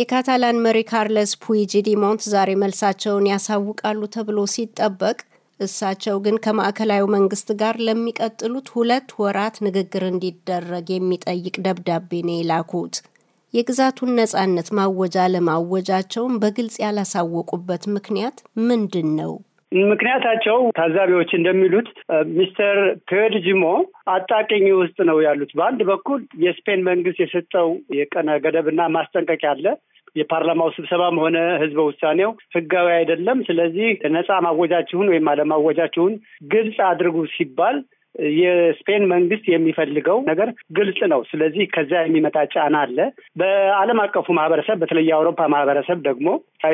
የካታላን መሪ ካርለስ ፑይጂዲሞንት ዛሬ መልሳቸውን ያሳውቃሉ ተብሎ ሲጠበቅ እሳቸው ግን ከማዕከላዊ መንግስት ጋር ለሚቀጥሉት ሁለት ወራት ንግግር እንዲደረግ የሚጠይቅ ደብዳቤ ነው የላኩት። የግዛቱን ነጻነት ማወጃ አለማወጃቸውን በግልጽ ያላሳወቁበት ምክንያት ምንድን ነው? ምክንያታቸው ታዛቢዎች እንደሚሉት ሚስተር ፔድጅሞ አጣቅኝ ውስጥ ነው ያሉት። በአንድ በኩል የስፔን መንግስት የሰጠው የቀነ ገደብና ማስጠንቀቂያ አለ። የፓርላማው ስብሰባም ሆነ ህዝበ ውሳኔው ህጋዊ አይደለም፣ ስለዚህ ነፃ ማወጃችሁን ወይም አለማወጃችሁን ግልጽ አድርጉ ሲባል የስፔን መንግስት የሚፈልገው ነገር ግልጽ ነው። ስለዚህ ከዚያ የሚመጣ ጫና አለ። በዓለም አቀፉ ማህበረሰብ በተለይ የአውሮፓ ማህበረሰብ ደግሞ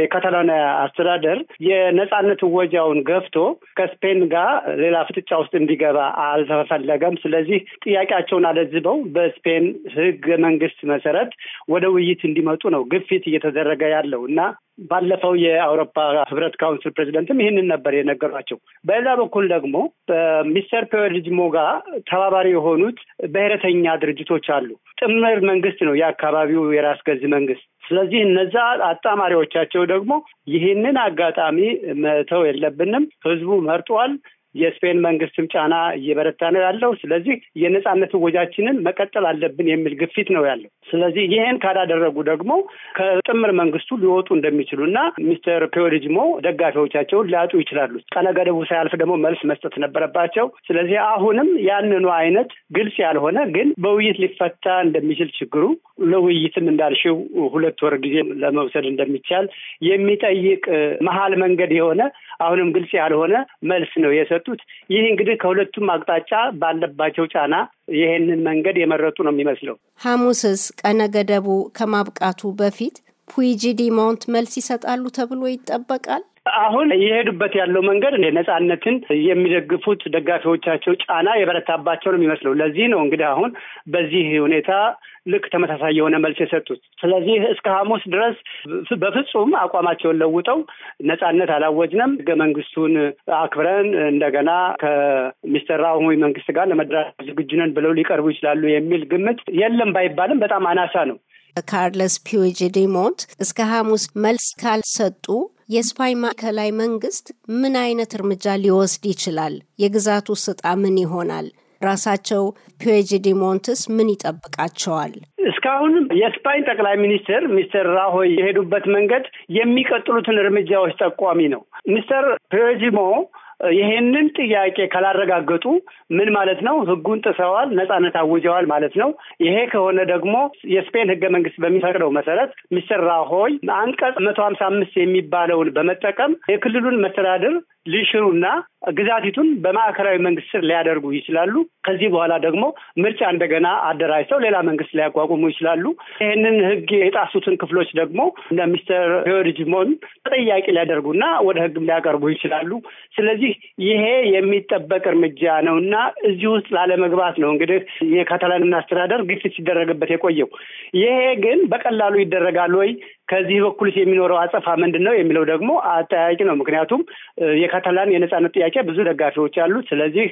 የካታላን አስተዳደር የነጻነት እወጃውን ገፍቶ ከስፔን ጋር ሌላ ፍጥጫ ውስጥ እንዲገባ አልተፈለገም። ስለዚህ ጥያቄያቸውን አለዝበው በስፔን ህገ መንግስት መሰረት ወደ ውይይት እንዲመጡ ነው ግፊት እየተደረገ ያለው እና ባለፈው የአውሮፓ ህብረት ካውንስል ፕሬዚደንትም ይህንን ነበር የነገሯቸው። በዛ በኩል ደግሞ በሚስተር ፔወልጅሞ ጋር ተባባሪ የሆኑት ብሔረተኛ ድርጅቶች አሉ። ጥምር መንግስት ነው የአካባቢው የራስ ገዝ መንግስት። ስለዚህ እነዛ አጣማሪዎቻቸው ደግሞ ይህንን አጋጣሚ መተው የለብንም፣ ህዝቡ መርጧል፣ የስፔን መንግስትም ጫና እየበረታ ነው ያለው። ስለዚህ የነጻነት እወጃችንን መቀጠል አለብን የሚል ግፊት ነው ያለው። ስለዚህ ይህን ካላደረጉ ደግሞ ከጥምር መንግስቱ ሊወጡ እንደሚችሉ እና ሚስተር ፒዮሊጅሞ ደጋፊዎቻቸውን ሊያጡ ይችላሉ። ቀነ ገደቡ ሳያልፍ ደግሞ መልስ መስጠት ነበረባቸው። ስለዚህ አሁንም ያንኑ አይነት ግልጽ ያልሆነ ግን በውይይት ሊፈታ እንደሚችል ችግሩ ለውይይትም እንዳልሽው ሁለት ወር ጊዜ ለመውሰድ እንደሚቻል የሚጠይቅ መሀል መንገድ የሆነ አሁንም ግልጽ ያልሆነ መልስ ነው የሰጡት። ይህ እንግዲህ ከሁለቱም አቅጣጫ ባለባቸው ጫና ይህንን መንገድ የመረጡ ነው የሚመስለው። ሐሙስስ ቀነ ገደቡ ከማብቃቱ በፊት ዲሞንት መልስ ይሰጣሉ ተብሎ ይጠበቃል። አሁን የሄዱበት ያለው መንገድ ነጻነትን የሚደግፉት ደጋፊዎቻቸው ጫና የበረታባቸው ነው የሚመስለው። ለዚህ ነው እንግዲህ አሁን በዚህ ሁኔታ ልክ ተመሳሳይ የሆነ መልስ የሰጡት። ስለዚህ እስከ ሐሙስ ድረስ በፍጹም አቋማቸውን ለውጠው ነጻነት አላወጅንም፣ ህገ መንግስቱን አክብረን እንደገና ከሚስተር ራሁይ መንግስት ጋር ለመደራደር ዝግጁ ነን ብለው ሊቀርቡ ይችላሉ የሚል ግምት የለም ባይባልም በጣም አናሳ ነው። ካርለስ ፒዌጅ ዲሞንት እስከ ሐሙስ መልስ ካልሰጡ የስፓኝ ማዕከላዊ መንግስት ምን አይነት እርምጃ ሊወስድ ይችላል? የግዛቱ ስጣ ምን ይሆናል? ራሳቸው ፒጂ ዲሞንትስ ምን ይጠብቃቸዋል? እስካሁን የስፓኝ ጠቅላይ ሚኒስትር ሚስተር ራሆይ የሄዱበት መንገድ የሚቀጥሉትን እርምጃዎች ጠቋሚ ነው። ሚስተር ፔሬዚሞ ይሄንን ጥያቄ ካላረጋገጡ ምን ማለት ነው? ህጉን ጥሰዋል፣ ነጻነት አውጀዋል ማለት ነው። ይሄ ከሆነ ደግሞ የስፔን ህገ መንግስት በሚፈቅደው መሰረት ሚስተር ራሆይ አንቀጽ መቶ ሀምሳ አምስት የሚባለውን በመጠቀም የክልሉን መስተዳድር ሊሽሩና ግዛቲቱን በማዕከላዊ መንግስት ስር ሊያደርጉ ይችላሉ። ከዚህ በኋላ ደግሞ ምርጫ እንደገና አደራጅተው ሌላ መንግስት ሊያቋቁሙ ይችላሉ። ይህንን ህግ የጣሱትን ክፍሎች ደግሞ እነ ሚስተር ዲዮድጅሞን ተጠያቂ ሊያደርጉና ወደ ህግም ሊያቀርቡ ይችላሉ። ስለዚህ ይሄ የሚጠበቅ እርምጃ ነው እና እዚህ ውስጥ ላለመግባት ነው እንግዲህ የካታላንን አስተዳደር ግፊት ሲደረግበት የቆየው። ይሄ ግን በቀላሉ ይደረጋል ወይ ከዚህ በኩልስ የሚኖረው አጸፋ ምንድን ነው የሚለው ደግሞ አጠያቂ ነው። ምክንያቱም የካታላን የነጻነት ጥያቄ ብዙ ደጋፊዎች አሉት። ስለዚህ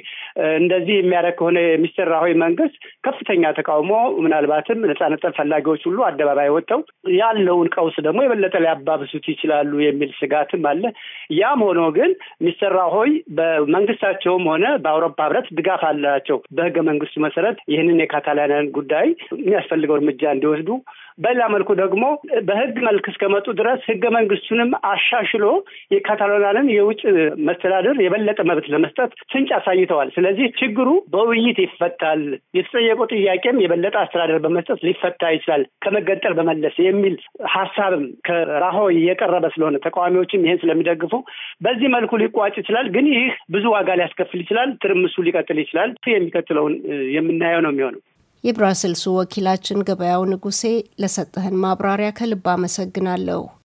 እንደዚህ የሚያደርግ ከሆነ የሚስተር ራሆይ መንግስት ከፍተኛ ተቃውሞ ምናልባትም ነጻነት ፈላጊዎች ሁሉ አደባባይ ወጥተው ያለውን ቀውስ ደግሞ የበለጠ ሊያባብሱት ይችላሉ የሚል ስጋትም አለ። ያም ሆኖ ግን ሚስተር ራሆይ በመንግስታቸውም ሆነ በአውሮፓ ህብረት ድጋፍ አላቸው። በህገ መንግስቱ መሰረት ይህንን የካታላንያን ጉዳይ የሚያስፈልገው እርምጃ እንዲወስዱ በሌላ መልኩ ደግሞ በህግ መልክ እስከመጡ ድረስ ህገ መንግስቱንም አሻሽሎ የካታሎናንን የውጭ መስተዳድር የበለጠ መብት ለመስጠት ፍንጭ አሳይተዋል። ስለዚህ ችግሩ በውይይት ይፈታል፣ የተጠየቁ ጥያቄም የበለጠ አስተዳደር በመስጠት ሊፈታ ይችላል፣ ከመገንጠል በመለስ የሚል ሀሳብም ከራሆይ የቀረበ ስለሆነ ተቃዋሚዎችም ይህን ስለሚደግፉ በዚህ መልኩ ሊቋጭ ይችላል። ግን ይህ ብዙ ዋጋ ሊያስከፍል ይችላል። ትርምሱ ሊቀጥል ይችላል። የሚቀጥለውን የምናየው ነው የሚሆነው። የብራስልሱ ወኪላችን ገበያው ንጉሴ፣ ለሰጠህን ማብራሪያ ከልብ አመሰግናለሁ።